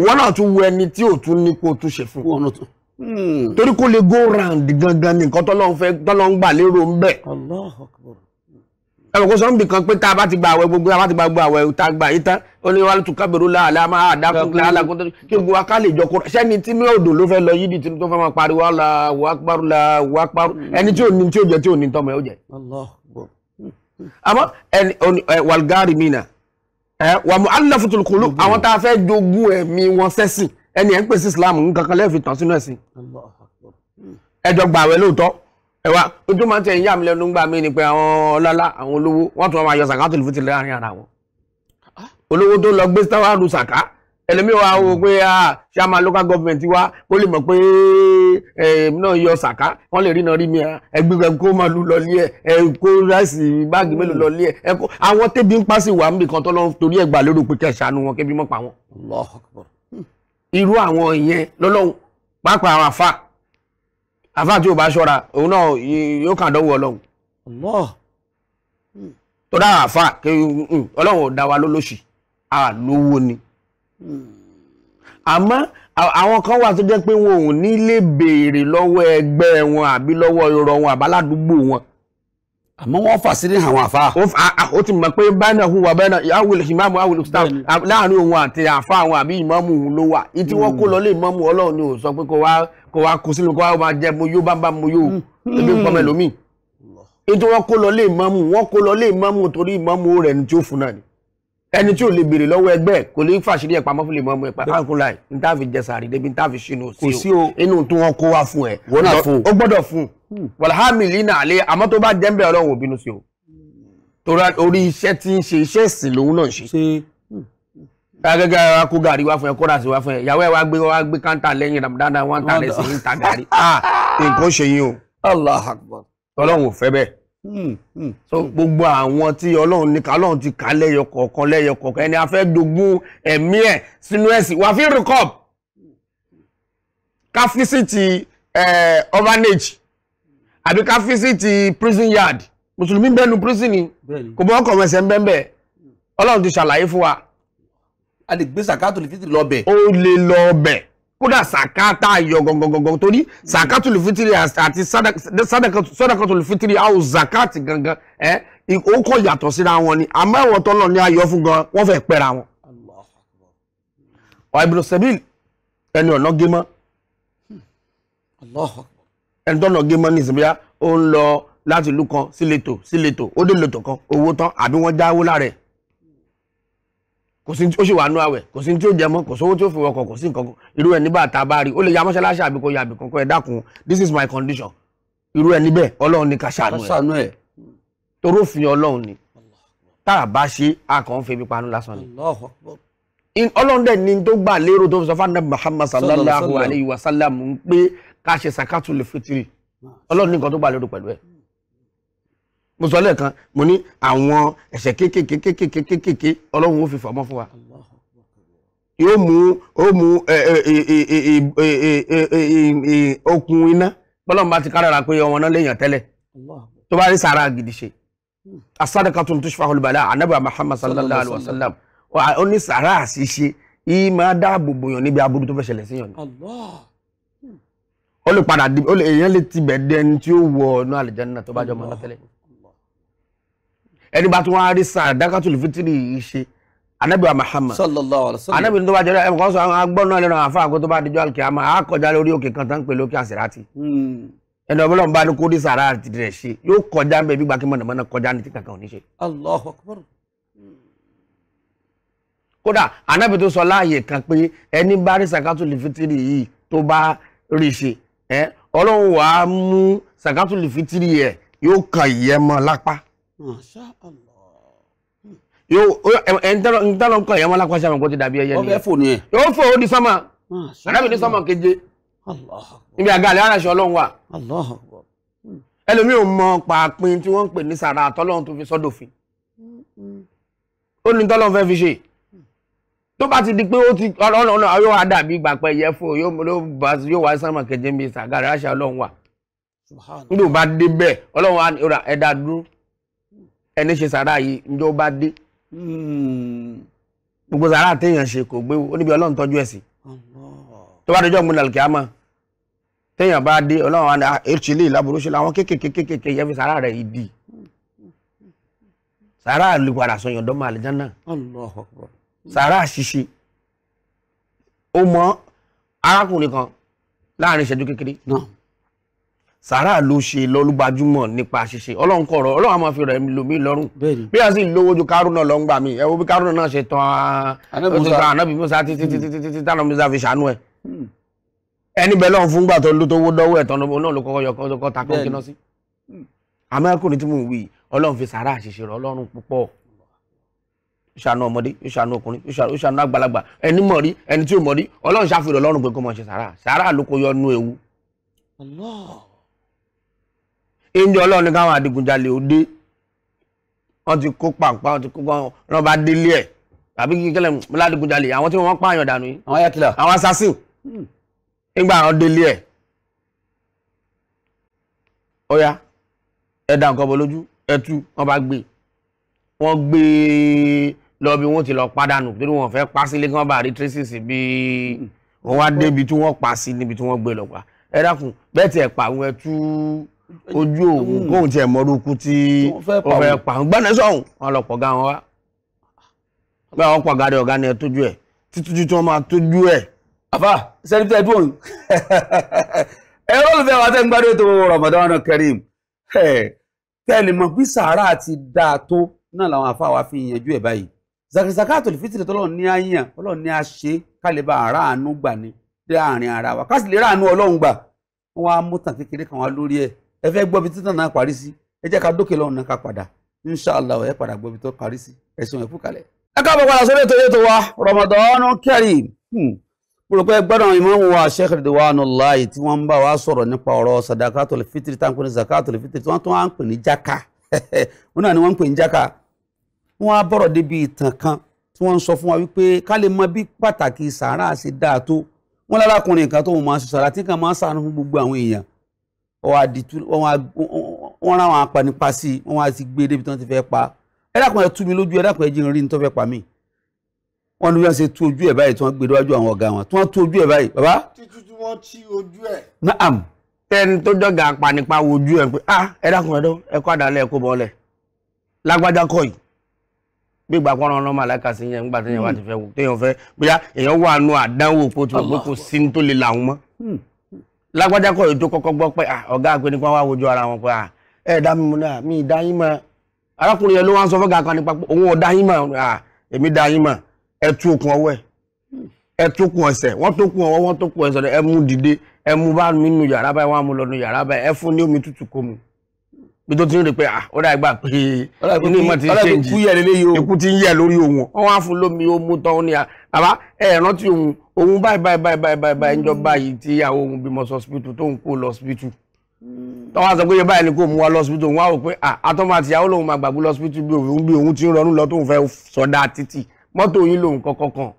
ìwọ náà tún wo ẹni tí ò tún ní kó o tún ṣe fún hmm. torí kó lè go round gangan ní tọ́lọ́ ń gbà lérò ń bẹ̀ ẹ̀rọ sọ́nbì kan pé tá a bá ti gba àwẹ̀ gbogbo a bá ti gba gbogbo àwẹ̀ tá a gba yìí tán ó ní wàlúùtù kábẹ̀rù láàlá máa àdákùnlé alágúndé kí gbogbo wa ká lè jọ kóra sẹ́ni tí mi ò dò ló fẹ́ lọ yídì tí tó fẹ́ máa pariwo la wà parú la wà parú ẹni tí ò ní tí ò jẹ tí ò ní tọmọ ẹ ó jẹ. àmọ́ ẹni wàlgárì mi nà ẹ wà mú aláfutulu kulu àwọn tá a fẹ́ jogún ẹ̀mí wọn ẹ̀ ń ẹ wá ojú máa ń tẹ ìyá mi lẹ́nu ńgbà mí ni pé àwọn ọlọ́lá àwọn olówó wọ́n tún máa yọ sàkátù lù fìtìlẹ̀ láàrin ara wọn ah. olówó tó lọ gbé sáwà lu sàká ẹlẹ́mìí wa wo pé ah, ṣá máa local government wa kó lè mọ̀ pé èmi náà yọ sàká wọ́n lè rí náà rí mi ah, ẹgbẹ́ kó máa lu lọ́lé ẹ kó ráìsì báàgì mélòó lọ́lé ẹ kó àwọn tẹ́bi ń pàṣẹ wà níbi kan tó lọ torí ẹ̀ gbà lérò pé kẹ́ ṣàánú wọn kẹ́bi mọ́ pa wọn. irú àwọn ìyẹn lọ́lọ́run pàápàá àwọn àfa àfáà tí ò bá ṣọ́ra òun náà yóò kàn dánwò ọlọ́run. Hmm. tó dára àfáà kí hmm, ọlọ́run ò dá wa lólóṣì àlówó ni. àmọ́ àwọn kan wà tó jẹ́ pé wọn ò ní lè béèrè lọ́wọ́ ẹgbẹ́ wọn àbí lọ́wọ́ irọ́ wọn àbáládùúgbò wọn. àmọ́ wọ́n fà sí ní àwọn àfáà. ó ti mọ̀ pé báyìí hu wà báyìí awul ìmáàmù awul staff láàrin òun àti àfáà àwọn àbí ìmáàmù òun ló wà ìtí wọ́n kó lọ lé ìmáàmù ọlọ́run ni ò sọ pé kó wá kó wá kó sínú kó wá máa jẹ mo yó bámbá mo yó ebi ń pọmọ ẹlòmíì ètò wọn kó lọ lé ìmọ̀mù wọn kó lọ lé ìmọ̀mù torí ìmọ̀mù rẹ̀ ní tí ó fún náà ni ẹni tí ò lè béèrè lọ́wọ́ ẹgbẹ́ kò lè fàṣírí ẹ̀ pamọ́ fún lè mọ̀mù ẹ̀ pàápàá láì ní tá a fi jẹ sàárì débi ní tá a fi ṣínú sí o inú tó wọn kó wá fún ẹ wọn fún o gbọ́dọ̀ fún hmm. wàláhàmì lina àlẹ àmọ́ tó bá jẹ́ ń bẹ̀ ọlọ́run òbínú sí o hmm. torí iṣẹ́ tí ń ṣe iṣẹ́ ìsìn lòun náà ń ṣe gẹ́gẹ́ wa kó gàrí wá fún ẹ kóra sí wá fún ẹ ìyàwó ẹ wá gbé wá gbé káńtà lẹ́yìn dáadáa wọ́n ta lẹ́sìn yìí ta gàrí ah, nǹkan ṣe yín o Allah ò fẹ́ bẹ́ẹ̀ hmm, hmm. gbogbo àwọn tí ọlọ́run ní ká ti kà lẹ́yọ kọ̀ọ̀kan lẹ́yọ kọ̀ọ̀kan ẹni a fẹ́ dogun ẹ̀mí ẹ̀ sínú ẹ̀sìn wà fi rìkọ́b ká fi sí àbí ká prison yard mùsùlùmí bẹ́ẹ̀ nu prison ni kò bọ́ ọkọ̀ mẹsẹ̀ ń a lè gbé sàkátù lìfítìrì lọ bẹ̀. ó lè lọ bẹ̀ kódà sàkátà yọ gangan torí sàkátù lìfítìrì àti sàdàkátù lìfítìrì àwọn zakati gangan ẹ ó kọ yàtọ̀ síra wọn ni àmọ́ ẹ̀wọ̀n tọ́lọ̀ ní ayọ̀ fún gan wọ́n fẹ́ pẹ́ra wọn. ọ̀ẹ́bùrọ̀ sẹ́bìl ẹni ọ̀nà gémọ́ ẹni tọ́nà gémọ́ ní ìsìnbíyá ó ń lọ láti ìlú kan sí ìletò sí ìletò ó dé ìletò kan owó tán àbí wọ́n jáwó lára kò sí ó sì wà nú àwẹ̀ kò sí tí ó jẹ mọ́ kò sówó tí ó fi wọkọ̀ kò sí nǹkan irú ẹ̀ nígbà tá a bá rí ó lè ya mọ́ṣáláṣí àbí kò ya àbí kankan ẹ̀ dákun this is my condition irú ẹ̀ níbẹ̀ ọlọ́run ní ká ẹ̀ toró fi ọlọ́run ni tá bá ṣe a kàn panu lásán ni ọlọ́run dẹ̀ ni tó gbà lérò tó fi sọ fún anabi muhammad sallallahu alayhi wa sallam pé ká ṣe sakatul fitiri ah, ọlọ́run ní nǹkan tó gbà lérò pẹ̀lú ẹ̀ mo sọ lẹ́ẹ̀kan mo ní àwọn ẹ̀ṣẹ̀ kéékèèké kéékèèké kéékèèké ọlọ́run ó fi fàmọ́ fún wa yóò mú ó mú okùn iná bọ́lọ́mù bá ti kárara pé ọmọ náà léèyàn tẹ́lẹ̀ tó bá rí sàrà gidi ṣe asádàkàtún tushfa'u al-bala ànábì Muhammad sallallahu alayhi wa sallam ó ní sàrà àṣìṣe yìí máa dáàbò bòyàn níbi aburú tó fẹ́ ṣẹlẹ̀ síyàn ó lè padà èèyàn lè tibẹ̀ dẹni tí ó wọ ọ̀nà àlìjánnà tó bá jọ ọmọ náà tẹ́lẹ̀ ẹni bá tún wá rí sàdákàtúlù fitiri yìí ṣe anabi wa Muhammad sallallahu alaihi wasallam anabi tó bá jẹrọ ẹmu kan sọ àwọn agbọ́nà lẹ́nu àfa àgọ́ tó bá dijọ́ alikiyama a kọjá lórí òkè kan tán pé lókè àsìrátì hmm. ẹni ọbẹ̀ lọ́nba ni kò rí sàrà rẹ̀ ṣe yóò kọjá ń bẹ bí gbàkí mọ̀nàmọ́ná kọjá ní ti kankan ò ní ṣe. Allahu Akbar. kódà anabi tó sọ láàyè kan pé ẹni bá rí sàkátùlù fitiri yìí tó bá rí ṣe ọlọ́run wàá mú sàkátùlù fitiri yẹ yóò kàn ìyẹn mọ́ lápá masha allah yóò ẹ ń tẹ́lọ ń kọ́ ẹ̀yẹ́ wọn lápá sàmù kó ti dàbí ẹyẹ nìyẹn ọbẹ̀ fò ní ẹ̀ di sánmà arábìnrin hmm, ní sánmà keje níbi àga àlẹ́ aráṣẹ ọlọ́run wà hmm. ẹlòmíì ò mọ pàápín tí wọ́n ń pè ní sàrà àtọ́lọ́run tó fi sọ́dọ̀fin ó ní tọ́lọ́run fẹ́ fi ṣe hmm. tó bá ti di pé ó ti ọ̀nà ọ̀nà yóò wá dàbí ìgbà pẹ́ ẹ̀yẹ fò yóò wá sánmà keje níbi àga àlẹ́ ọlọ́run wà níbi bá dé bẹ́ẹ̀ ọlọ́run ẹ̀dá dúró ẹni ṣe sàrà yìí njọ́ bá dé hmm. gbogbo sàrà téèyàn ṣe kò gbé ó níbi ọlọ́run tọ́jú ẹ̀ sí tó bá dọjọ́ múnalẹ̀ kí á mọ̀ téèyàn bá dé ọlọ́run àná ètùlé ìlàbúrò ṣe làwọn kékèkékèké yẹn fi sàrà rẹ̀ yìí dì sàrà àlùpadà sọyàn dọ́mọ àlìjánà sàrà àṣìṣe ó mọ arákùnrin kan láàrin ìṣẹ́jú kékeré. No sàárà ló ṣe lọ́lúgbajúmọ̀ nípa ṣíṣe ọlọ́run kọ̀rọ̀ ọlọ́run àmọ́ fi rẹ̀ lomi lọ́rùn bí a sì lówó ju kárúnà lọ ń gbà mí ẹ wo bí kárúnà náà ṣe tán anábì musa títí títí títí tánà musa fi ṣàánú ẹ hmm. ẹni bẹ́ẹ̀ lọ́run fún gbàtọ́ ló tó wó dọ́wọ́ ẹ̀ tán náà ló kọ́kọ́ yọkọ́ kọ́ ta kọ́kí sí. Hmm. àmọ́ ẹ̀ńjọ́ ọlọ́run ní káwọn adigunjalè ó dé wọ́n ti kó pàǹpá wọ́n ti kó pàǹpá wọ́n bá délé ẹ̀ tàbí kíkẹ́lẹ̀ ládìgunjalè àwọn tí wọ́n pààyàn dànù yìí àwọn yakila àwọn assassin hmm. nígbà àwọn délé ẹ̀ ọ̀ya ẹ̀ dà nǹkan bọ̀ lójú ẹ̀ tú wọ́n bá gbé wọ́n gbé lọ bí wọ́n ti lọ pàdánù torí wọ́n fẹ́ pa sílé kí wọ́n bá rí traces bí hmm. wọ́n wá débi tí wọ́n pa sí níbi tí wọ́n gbé lọ pa ẹ̀ dákun bẹ́ẹ̀ tiẹ̀ pa àwọn ẹ̀ tú ojú òun hmm. kóun tiẹ̀ mọ́rúkú tí ó fẹ́ pa òun gbọ́dọ̀ sọ̀hún wọn lọ pọ̀gá wọn wá bí àwọn pọ̀gá rẹ̀ ọ̀gá ni ẹ tójú ẹ̀ títújú tí wọ́n máa tójú ẹ̀. àfà sẹ́ni tẹ́ dùn ẹ̀rọ olùfẹ́ wa tẹ́ ń gbádùn ètò Ramadan Kareem tẹ́lẹ̀ mọ̀ bí sàárà ti dáa tó náà làwọn àfà wa fi yanjú ẹ̀ báyìí zakizaka tó lè fitiri tó lọ́n ní àyàn ọlọ́run ní àṣe kálíbà àràánú gbà ní láàrin ara wa kásìlè ráàánú ọlọ́run gbà wọ́n á mú tàn kékeré kan wá lórí ẹ̀ ẹ fẹ́ gbọ́ bí títàn náà parí sí ẹ jẹ́ ká dókè lọ́hùn náà ká padà inṣàlá ẹ padà gbọ́ bí tó parí sí ẹ ṣeun kalẹ̀. ẹ káàbọ̀ padà sórí ètò ètò wa Ramadan Kareem hmm. mo rò pé gbọ́dọ̀ ìmáàmù wa Sheikh Ridwanullahi tí wọ́n ń bá wa sọ̀rọ̀ nípa ọ̀rọ̀ sadakatul fitri tá à ń pè ní zakatul fitri tí wọ́n tún wá ń pè ní jaka wọn náà ni wọ́n ń pè ní jaka wọ́n á bọ̀rọ̀ débi ìtàn kan tí wọ́n ń sọ fún wa wípé ká lè mọ bí pàtàkì sàárà ṣe dáa tó wọ́n lárakùnrin kan tó wọ́n máa ń sọ sàárà tí kan máa ń sàánú fún gbogbo àwọn èèyàn wọ́n rán àwọn apanipa sí i wọ́n wá sí gbé débi tí wọ́n ti fẹ́ pa ẹ dákun ẹ tú mi lójú ẹ dákun ẹ jí n rí ní tó fẹ́ pa mí wọ́n ní bí wọ́n ṣe tú ojú ẹ̀ báyìí tí wọ́n gbé déwájú àwọn ọ̀gá wọn tí wọ́n tú ojú ẹ̀ báyìí bàbá. títí tí wọ́n tí ojú ẹ̀. naam tẹni tó jọ̀gá apanipa wo ojú ẹ̀ pé ah ẹ dákun ẹ dán ẹ kó àdálẹ̀ ẹ kó bọ́ọ̀lẹ̀ lágbájá kọ́ yìí gbígbà pọ́n ọ̀nà màláìka sí yẹn nígbà téèyàn wá ti fẹ́ téèyàn fẹ́ bóyá èèyàn wà nù àdánwò pé kò sí ní tó le làwọn mọ́. Hmm lágbájá kọ̀ ètò kọ́kọ́ gbọ́ pé ọ̀gá àgbẹ̀ nípa wá wojú ara wọn pé ẹ dá mi mú náà mi ì dá yín mọ́ arákùnrin yẹn ló wá ń sọ fọ́gà kan nípa òun ò dá yín mọ́ èmi dá yín mọ́ ẹ tú okùn ọwọ́ ẹ ẹ tó kun ẹsẹ̀ wọ́n tó kun ọwọ́ wọ́n tó kun ẹsẹ̀ ẹ mú dìde ẹ mú bá mi nu yàrá báyìí wọ́n á mú lọ nu yàrá báyìí ẹ fún ní omi tútù kó mu bí tó ti ń rí pé ah ó dà gbà pé inú ìmọ̀ ti ń ṣe jì ikú ti ń yẹ lórí òun wọ́n á fún lómi ó mú tán ó ní bàbá ẹ rántí òun òun báyìí báyìí báyìí báyìí báyìí báyìí ńjọ báyìí tí ìyàwó òun bímọ sọsibítù tó ń kó lọsibítù hmm. tọ́wọ́ sọ pé yẹ báyìí ni kò mú wa lọsibítù òun wá wò pé àtọ́mọ àti ìyàwó lòun máa gbàgbé lọsibítù bí òun bí òun ti ń rọrùn lọ tóun fẹ́ sọdá títì mọ́tò yín lòun kọ́kọ́ kan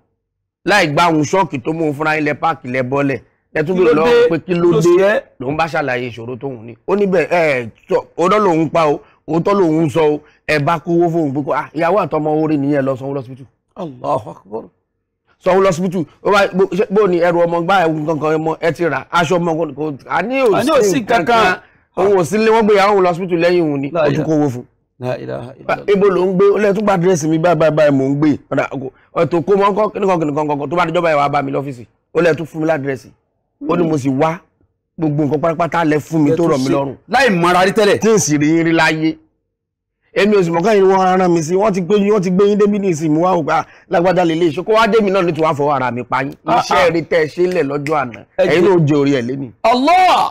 láì gba òun ṣọ́ọ̀kì tó mú un fúnra ilẹ̀ páàkì lẹ bọ́lẹ̀ ẹ tún bèrè lọ́wọ́ pé kí ló dé lòun bá ṣàlàyé ìṣòro tóun ní ó níbẹ̀ ẹ̀ ọdọ́ lòun pa o òótọ́ lòun sọ o ẹ̀ bá kówó fóun pé kó ìyàwó àtọmọ orí nìyẹn lọ sanwó lọ́sibítù. Allahu akbar sanwó lọ́sibítù bó ni ẹrù ọmọ gbá ẹ̀wù kankan ọmọ ẹ ti rà aṣọ ọmọ kò àní òsì kankan òun òsì lé wọ́n gbé ìyàwó òun lọ́sibítù lẹ́yìn òun ni ó tún kó owó fún. ebo ló ń gbé ó lẹ́yìn tó gba àdírẹ́sì mi báyìí báyìí báyìí mò ń gbé ọ̀tọ̀ kó mọ́ nǹkan kìnìkan kankan tó bá dijọba ìwà bá mi lọ́fíìsì ó lẹ́yìn tó fún mi ládírẹ́sì ó ní mo sì wá gbogbo nǹkan pátápátá lẹ fún mi tó rọ̀ mi lọ́rùn. láì mọra rí tẹ́lẹ̀. tí n sì rí rí láyé èmi oṣù mọ̀ká yìí wọ́n rán mi sí wọ́n ti gbé yín wọ́n ti gbé yín débi ní ìsìn mú wá òkú ah, lágbádá lè lè ṣe kó wá débi náà ní tí fọwọ́ ara mi pa yín ah, iṣẹ́ ah. rí tẹ́ ẹ ṣe lẹ̀ lọ́jọ́ àná ẹ̀yin ló jẹ orí ẹ̀ lẹ́nu. Allah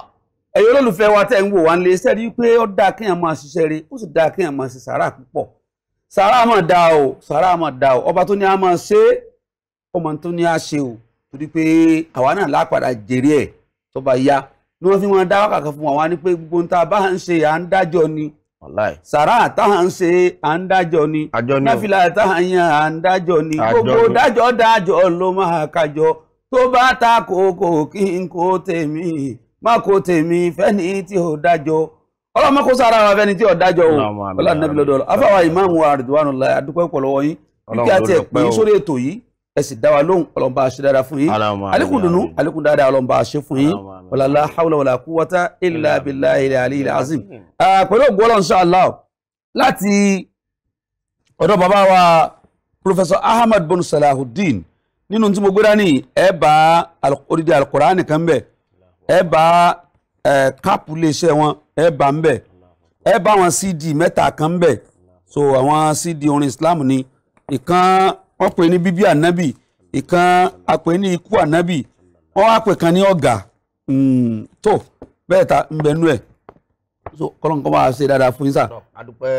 ẹ̀yin olólùfẹ́ wa tẹ̀ ń wò wá nílé iṣẹ́ rí pé ó dáa kéèyàn máa ṣiṣẹ́ rí ó sì dáa kéèyàn máa ṣe sàárà púpọ̀ sàárà máa da o sàárà máa da o ọba tó ní a máa ṣe ó máa tó ní a ṣe o torí pé àwa náà lápadà jèrè ẹ̀ tó bá yá ni wọ́n fi wọn dá wákàkọ́ fún wa wá ní pé gbogbo ohun bá ń ṣe à ń dájọ́ ni sàrà táwọn ṣe à ń dájọ́ ni náfìlà táwọn yan à ń dájọ́ ni gbogbo dájọ́ dájọ́ ló máa kájọ tó bá ta kókó kí n kó tèmi má kó tèmi fẹ́ni tí ò dájọ́ ọlọ́mọ kó sára wa fẹ́ni tí ò dájọ́ o ọlọ́run nàbí lọ́dọ̀ ìmáàmù àrùdùwánù láì adúpẹ́ pọ̀ lọ́wọ́ yín kíkẹ́ àti ẹ̀pẹ́ sórí ètò yìí ẹ sì dá wa lóhùn ọlọ́mọba àṣẹ dáadáa fún yín alẹ́kùn dùnú alẹ́kùn dáadáa ọlọ́mọba àṣẹ fún yín wàlálà hawla wàlá kúwọ́tà ilà abilà ilẹ̀ àlẹ́ ilẹ̀ azim. pẹ̀lú ògbó ọlọ́run ṣáàlá láti ọ̀dọ̀ bàbá wa Professor Ahmad bin Salahuddin nínú tí mo gbé dání ẹ bá odidi kan bẹ ẹ bá káàpù wọn ẹ ń bẹ ẹ bá CD mẹ́ta kan bẹ so àwọn CD orin Islam ni ìkan wọ́n pè ní bíbí ànábì ìkan àpè ní ikú ànábì wọ́n wá pè kan ní ọ̀gá hmm, tó bẹ́ẹ̀ ta ń bẹ ẹ̀ so kọ́lọ́nkọ́ máa ṣe dáadáa fún yín sà. àdùpẹ́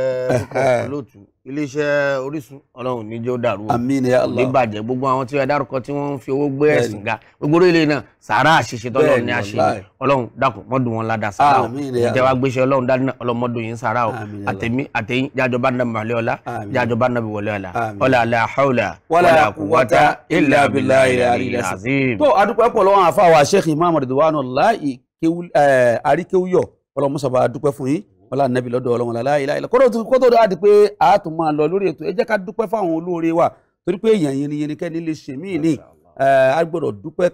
púpọ̀ iléeṣẹ́ Orísun Ọlọ́run ní jẹ́ ó dàrú o àmín ya Allah gbogbo àwọn tí wọ́n dárúkọ tí wọ́n ń fi owó gbé ẹ̀sìn ga gbogbo orí náà sàárà àṣìṣe tọ́lọ́run ní àṣẹ Ọlọ́run dákun mọ́dún wọn ládàá sàárà o ìjẹba gbéṣẹ́ Ọlọ́run dání náà Ọlọ́run mọ́dún yìí sàárà o àtẹ̀mí àtẹ̀yìn jájọba nàbì wọlé ọ̀la jájọba nàbì wọlé ọ̀la ọ̀la la hawla wala quwwata illa billahil ọlá nẹ́bí lọ́dọ̀ ọlọ́wọ́n lálá ilá ilá kó tó dáa di pé a tún máa lọ lórí ètò ẹ ká dúpẹ́ fáwọn olóore wa torí pé èèyàn yìí ni ni kẹ́ni lè ṣe míì ní a gbọ́dọ̀ dúpẹ́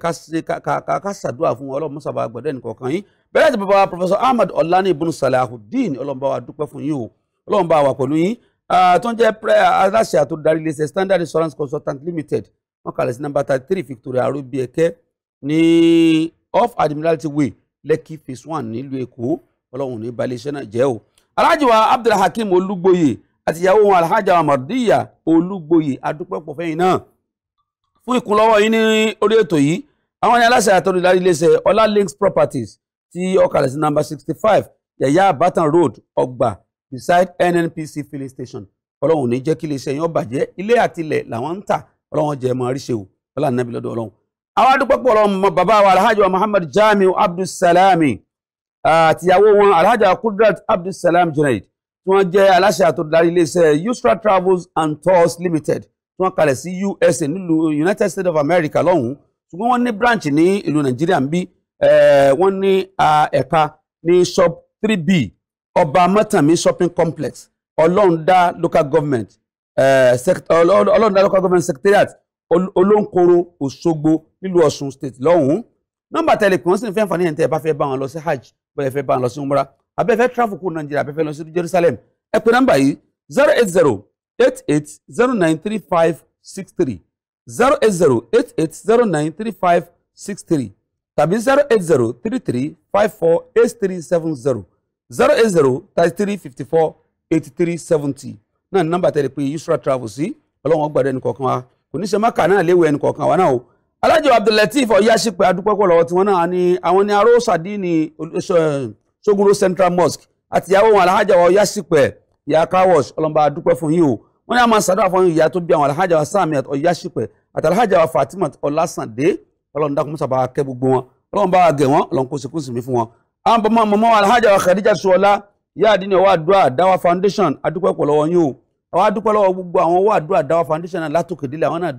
ká ṣàdúrà fún ọlọ́run mọ́sàbà gbọ́dọ̀ ẹnì kọ̀ọ̀kan yín bẹ́ẹ̀ ti bàbá Professor Ahmad Ọ̀lànì ibùn Salahuddin ọlọ́run bá wa dúpẹ́ fún yín o ọlọ́run bá wa pẹ̀lú yín tó ń jẹ́ aláṣẹ Standard Insurance Consultant Limited wọ́n kàlẹ̀ sí nọ́mbà thirty three Victoria Arobieke ní off Admiralty Way Lekki phase one nílùú ọlọ́run ní balẹ̀ iṣẹ́ náà jẹ́ o alhaji wa abdulhakeem olúgbòye àti ìyàwó wọn alhaja wa mardiya olúgbòye adúpẹ́pọ̀ fẹ́yìn náà fún ìkúnlọ́wọ́ yín ní orí ètò yìí àwọn ní aláṣẹ àtọ́nu ìlàrí ọlá links properties tí ọkàlẹ̀ sí number sixty five yẹ̀yà Baton road ọgbà beside nnpc filling station ọlọ́run ní jẹ́ kí iléeṣẹ́ yín ó bàjẹ́ ilé àtilẹ̀ làwọn ń tà ọlọ́run jẹ́ mọ́ àríṣe o ọlá nàbí lọ́dọ̀ ọlọ́run àwọn adúpẹ́pọ̀ ọlọ́run bàbá wa alhaji wa muhammad jamiu abdulsalami àtìyàwó wọn alhaja kudrat abdulsalam junaid tí wọ́n jẹ́ aláṣẹ àtòdarí iléeṣẹ́ usra travels and tours limited tí wọ́n kalẹ̀ sí usa nílùú united states of america lọ́hùn-ún ṣùgbọ́n wọ́n ní branch ní ìlú nàìjíríà ń bí wọ́n ní ẹ̀ka ní shop 3b ọba mọ́tàmí shopping complex ọlọ́ọ̀dá local government ọlọ́ọ̀dá local government secretariat olóńkoro òṣogbo nílùú ọ̀ṣun state lọ́hùn-ún nọ́mbà tẹlifíwọ́n sì ń fẹ́ àǹfààní ẹ̀ ń tẹ́ ẹ bá fẹ́ bá wọn lọ sí hajj bóyá fẹ́ bá ń lọ sí umra abẹ́fẹ́ travel kúrò nàìjíríà abẹ́fẹ́ lọ sí jerusalem ẹ pè nọ́mbà yìí zero eight zero eight eight zero nine three five six three zero eight zero eight eight zero nine three five six three tàbí zero eight zero three three five four eight three seven zero zero eight zero thirty three fifty four eighty three seventy náà ní nọ́mbà tẹ̀lé pé yusra travel sí ọlọ́run ọgbàdo ẹnì kọ̀ọ̀kan wa kò ní ṣe má kà náà léwu ẹnì kọ̀ọ̀kan wa náà o alájọ abdulateef ọyáṣípẹ adúpẹpọ lọ́wọ́ tí wọ́n náà ni àwọn ni aró sàdínì sógunró central mosque àti ìyàwó wọn alhaja wa ọyáṣípẹ ìyá kawosh ọlọmọba adúpẹ́ fún yìí o wọ́n ní a máa ṣàdúrà fún ìyá tó bí àwọn alhaja wa sami ọyáṣípẹ àti alhaja wa fatima ọlásàndé Ọlọ́run dákun mọsàbà kẹ́ gbogbo wọn Ọlọ́run bá wa gẹ̀ wọ́n Ọlọ́run kò sì kún sí mi fún wọn. àwọn bàbá mọmọ wa khadija suwọlá ìyá àdínní ọwọ foundation adúpẹ́ pọ̀ lọ́wọ́ yín o àwọn adúpẹ́ lọ́wọ́ gbogbo foundation náà látòkèdélé àwọn náà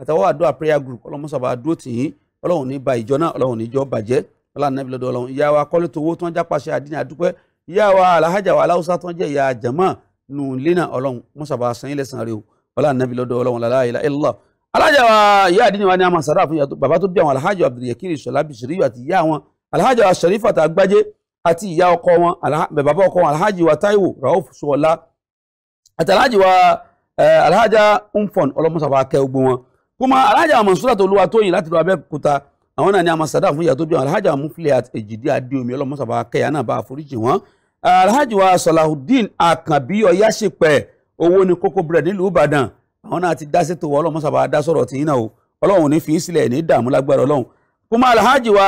àtàwọn àdúrà prayer group ọlọ́run mọ́sàbà dúró tì yín ọlọ́run ní ba ìjọ náà ọlọ́run ní jọ bàjẹ́ ọlọ́run náà bìlọ́dọ̀ ọlọ́run ìyá wa kọ́lé towó tó ń já paṣẹ àdínní àdúpẹ́ ìyá wa alhaja wa aláwùsá tó ń jẹ́ ìyá àjàmọ́ nù lẹ́nà ọlọ́run mọ́sàbà sanyín lẹ́sàn rẹ o ọlọ́run náà bìlọ́dọ̀ ọlọ́run lálá ilá ilá wa ìyá àdínní wa ni a máa sàrà fún bàbá tó bí àwọn alhaja abdulyakiri sọlá bisiri àti ìyá wọn alhaja wa sharifat agbájé àti ìyá ọkọ rauf suwọlá àti alhaji wa eh, alhaja umfon ọlọmọsàbà akẹ́ wọn kuma alhaja mansurat olúwatóyìn láti lọ abẹ́òkúta àwọn náà ni a máa sàdá fún ìyá tó bí wọn alhaja mufilat èjìdí adéomi ọlọmọsàbà akẹyà náà bá àforíjì wọn alhaji wa salahudeen akanbi ọyáṣepẹ owó ni kókó bread nílùú ìbàdàn àwọn náà ti dá sétò wọn ọlọmọsàbà adá sọ̀rọ̀ tìyín náà o ọlọ́run ní fi í sílẹ̀ ní ìdààmú lágbára ọlọ́run kuma alhaji wa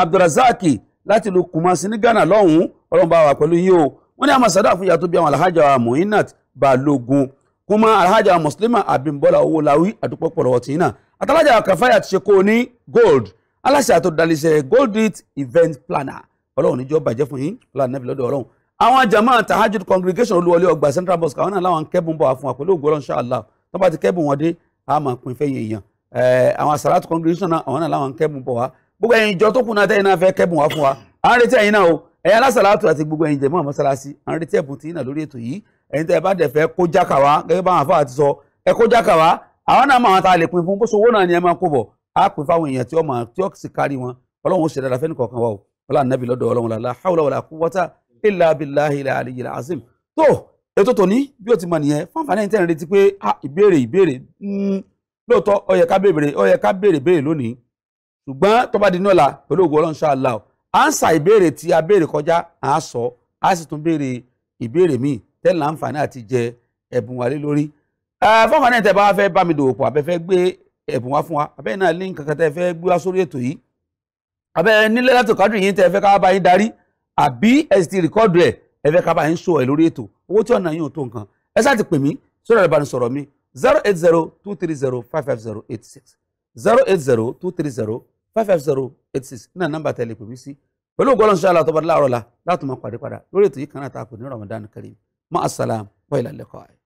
abdulrazaki láti lu kumasi ní ghana lọ́hùn-ún bá wà pẹ̀lú yín o wọ́n ní a máa sàdá fún ìyá tó bí wọn alhaja wa muhinat balogun kuma alhaja muslima abimbola owolawi àdúpọ̀ pọ̀lọ́wọ́ tìyín náà àtàlájà kàfáyà ti ṣe kó o ní gold aláṣẹ àtòdàlíṣẹ gold it event planner ọlọ́run níjọ́ bàjẹ́ fún yín plan nẹ́ẹ̀fì lọ́dọ̀ ọlọ́run àwọn jama tahajud congregation olúwọlé ọgbà central mosque àwọn náà làwọn kẹ́bùn bọ̀ àfún àpẹẹlẹ ògbó ọlọ́run ṣáàlá tó bá ti kẹ́bùn wọn dé a máa pín fẹ́ èèyàn àwọn salat congregation náà àwọn náà làwọn kẹ́bùn bọ̀ wá gbogbo ẹ̀yin ìjọ tó wa à ń retí ẹ̀yin náà o ẹ̀yin alásàlátù àti gbogbo ẹ̀yin jẹ̀mọ́ àmọ́sálásí à ń ẹ̀yin tẹ́ ẹ bá dẹ̀ fẹ́ kó jákà wá gẹ́gẹ́ báwọn àfáà ti sọ ẹ kó jákà wá àwọn náà máa ta lè pin fún bó owó náà ni ẹ máa kó bọ̀ á pin fáwọn èèyàn tí ó máa tí ó sì kárí wọn ọlọ́run ó ṣe dáadáa fẹ́ni kọ̀ọ̀kan wa o ọlá nàbì lọ́dọ̀ ọlọ́run la hawla wala quwwata illa billahi la aliyyil azim tó ètò tòní bí ó ti mọ nìyẹn fáfáná ẹni tẹ́ ń retí pé ah, ìbéèrè ìbéèrè hmm, lóòótọ́ ó yẹ ká béèrè ó yẹ ká béèrè béèrè lónìí ṣùgbọ́n tó bá di ní ọ̀la pẹ̀lú ògùn ọlọ́run ṣáà la à ń sa ìbéèrè tí a béèrè kọjá à á sọ á sì tún béèrè ìbéèrè míì tẹ́lẹ̀ láǹfààní àti jẹ ẹ̀bùn wa lé lórí. fọ́nmà náà tẹ́ bá fẹ́ bá mi dòwò pọ̀ àbẹ́fẹ́ gbé ẹ̀bùn wa fún wa àbẹ́ náà link kankan tẹ́ fẹ́ gbé wá sórí ètò yìí àbẹ́ nílẹ̀ látò kádùn yìí tẹ́ fẹ́ ká bá yín darí àbí ẹ̀ sì ti rìkọ́dù ẹ̀ ẹ fẹ́ ká bá yín ṣó ẹ̀ lórí ètò owó tí ọ̀nà yín ò tó nǹkan ẹ sáà ti pè mí sórí ẹ̀rọ ìbánisọ̀rọ̀ mi zero eight zero two three zero five five zero eight six zero eight zero two three zero five five zero eight six náà nọ́mbà tẹ́ lè pè mí sí pẹ̀lú ògbọ́n ṣáà látọ̀ bá láàárọ̀ la látọ̀ máa pàdé padà lórí ètò yìí kan náà tá ní Ramadan Kareem مع السلامة وإلى اللقاء